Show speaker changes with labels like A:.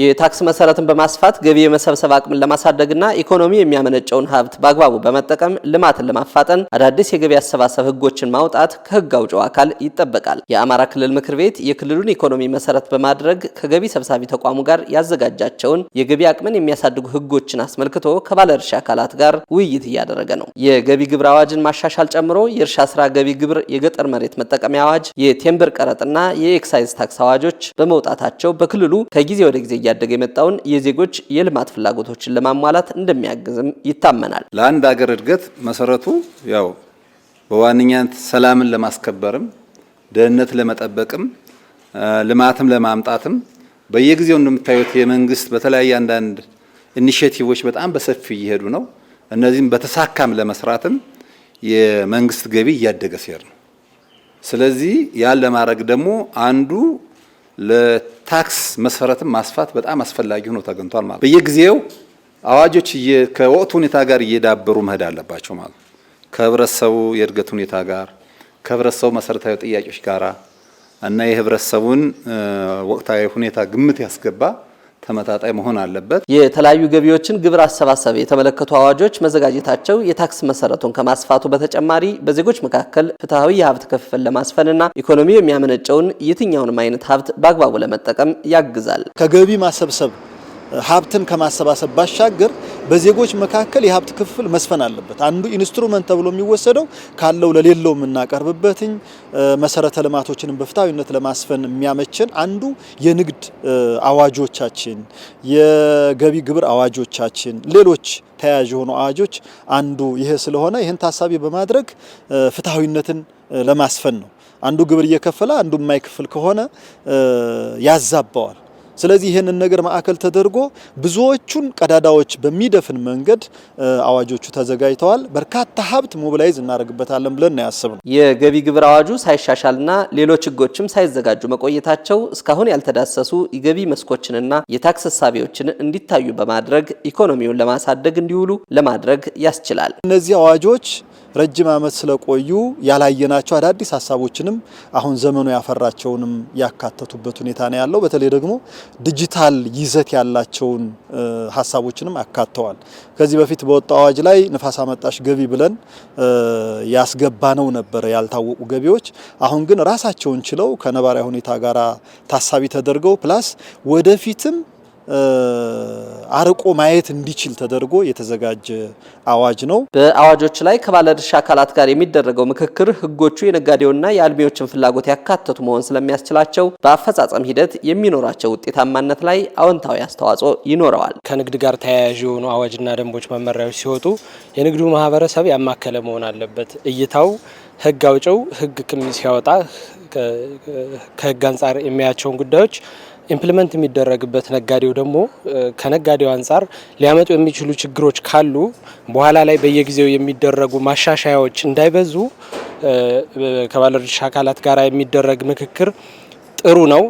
A: የታክስ መሰረትን በማስፋት ገቢ የመሰብሰብ አቅምን ለማሳደግና ኢኮኖሚ የሚያመነጨውን ሀብት በአግባቡ በመጠቀም ልማትን ለማፋጠን አዳዲስ የገቢ አሰባሰብ ህጎችን ማውጣት ከህግ አውጪው አካል ይጠበቃል። የአማራ ክልል ምክር ቤት የክልሉን ኢኮኖሚ መሰረት በማድረግ ከገቢ ሰብሳቢ ተቋሙ ጋር ያዘጋጃቸውን የገቢ አቅምን የሚያሳድጉ ህጎችን አስመልክቶ ከባለድርሻ አካላት ጋር ውይይት እያደረገ ነው። የገቢ ግብር አዋጅን ማሻሻል ጨምሮ የእርሻ ስራ ገቢ ግብር፣ የገጠር መሬት መጠቀሚያ አዋጅ፣ የቴምብር ቀረጥና የኤክሳይዝ ታክስ አዋጆች በመውጣታቸው በክልሉ ከጊዜ ወደ ጊዜ እያደገ የመጣውን የዜጎች የልማት ፍላጎቶችን ለማሟላት እንደሚያግዝም ይታመናል።
B: ለአንድ አገር እድገት መሰረቱ ያው በዋነኛነት ሰላምን ለማስከበርም ደህንነት ለመጠበቅም ልማትም ለማምጣትም በየጊዜው እንደምታዩት የመንግስት በተለያየ አንዳንድ ኢኒሼቲቮች በጣም በሰፊ እየሄዱ ነው። እነዚህም በተሳካም ለመስራትም የመንግስት ገቢ እያደገ ሲሄድ ነው። ስለዚህ ያን ለማድረግ ደግሞ አንዱ ታክስ መሰረትን ማስፋት በጣም አስፈላጊ ሆኖ ተገኝቷል። ማለት በየጊዜው አዋጆች ከወቅቱ ሁኔታ ጋር እየዳበሩ መሄድ አለባቸው ማለት ከህብረተሰቡ የእድገት ሁኔታ ጋር ከህብረተሰቡ መሰረታዊ ጥያቄዎች ጋራ እና የህብረተሰቡን ወቅታዊ ሁኔታ ግምት ያስገባ ተመጣጣኝ መሆን አለበት።
A: የተለያዩ ገቢዎችን ግብር አሰባሰብ የተመለከቱ አዋጆች መዘጋጀታቸው የታክስ መሰረቱን ከማስፋቱ በተጨማሪ በዜጎች መካከል ፍትሐዊ የሀብት ክፍፍል ለማስፈንና ኢኮኖሚው የሚያመነጨውን የትኛውንም አይነት ሀብት በአግባቡ ለመጠቀም ያግዛል።
C: ከገቢ ማሰብሰብ ሀብትን ከማሰባሰብ ባሻገር በዜጎች መካከል የሀብት ክፍል መስፈን አለበት። አንዱ ኢንስትሩመንት ተብሎ የሚወሰደው ካለው ለሌለው የምናቀርብበትኝ መሰረተ ልማቶችንም በፍትሐዊነት ለማስፈን የሚያመችን አንዱ የንግድ አዋጆቻችን፣ የገቢ ግብር አዋጆቻችን፣ ሌሎች ተያያዥ የሆኑ አዋጆች አንዱ ይሄ ስለሆነ ይህን ታሳቢ በማድረግ ፍትሐዊነትን ለማስፈን ነው። አንዱ ግብር እየከፈለ አንዱ የማይክፍል ከሆነ ያዛባዋል። ስለዚህ ይህንን ነገር ማዕከል ተደርጎ ብዙዎቹን ቀዳዳዎች በሚደፍን መንገድ አዋጆቹ ተዘጋጅተዋል። በርካታ ሀብት ሞቢላይዝ እናደርግበታለን ብለን ነው
A: የገቢ ግብር አዋጁ ሳይሻሻልና ሌሎች ህጎችም ሳይዘጋጁ መቆየታቸው እስካሁን ያልተዳሰሱ የገቢ መስኮችንና የታክስ ሳቢዎችን እንዲታዩ በማድረግ ኢኮኖሚውን ለማሳደግ እንዲውሉ ለማድረግ ያስችላል።
C: እነዚህ አዋጆች ረጅም ዓመት ስለቆዩ ያላየናቸው አዳዲስ ሀሳቦችንም አሁን ዘመኑ ያፈራቸውንም ያካተቱበት ሁኔታ ነው ያለው። በተለይ ደግሞ ዲጂታል ይዘት ያላቸውን ሀሳቦችንም አካተዋል። ከዚህ በፊት በወጣው አዋጅ ላይ ንፋስ አመጣሽ ገቢ ብለን ያስገባ ነው ነበረ ያልታወቁ ገቢዎች። አሁን ግን ራሳቸውን ችለው ከነባሪያ ሁኔታ ጋር ታሳቢ ተደርገው ፕላስ ወደፊትም አርቆ ማየት እንዲችል ተደርጎ የተዘጋጀ አዋጅ ነው።
A: በአዋጆች ላይ ከባለድርሻ አካላት ጋር የሚደረገው ምክክር ህጎቹ የነጋዴውና የአልሚዎችን ፍላጎት ያካተቱ መሆን ስለሚያስችላቸው በአፈጻጸም ሂደት የሚኖራቸው ውጤታማነት ላይ አዎንታዊ አስተዋጽኦ ይኖረዋል።
D: ከንግድ ጋር ተያያዥ የሆኑ አዋጅና ደንቦች መመሪያዎች ሲወጡ የንግዱ ማህበረሰብ ያማከለ መሆን አለበት። እይታው አውጭው ህግ ሕግ ሲያወጣ ከህግ አንጻር የሚያያቸውን ጉዳዮች ኢምፕሊመንት የሚደረግበት ነጋዴው ደግሞ ከነጋዴው አንጻር ሊያመጡ የሚችሉ ችግሮች ካሉ በኋላ ላይ በየጊዜው የሚደረጉ ማሻሻያዎች እንዳይበዙ ከባለድርሻ አካላት ጋር የሚደረግ ምክክር ጥሩ ነው።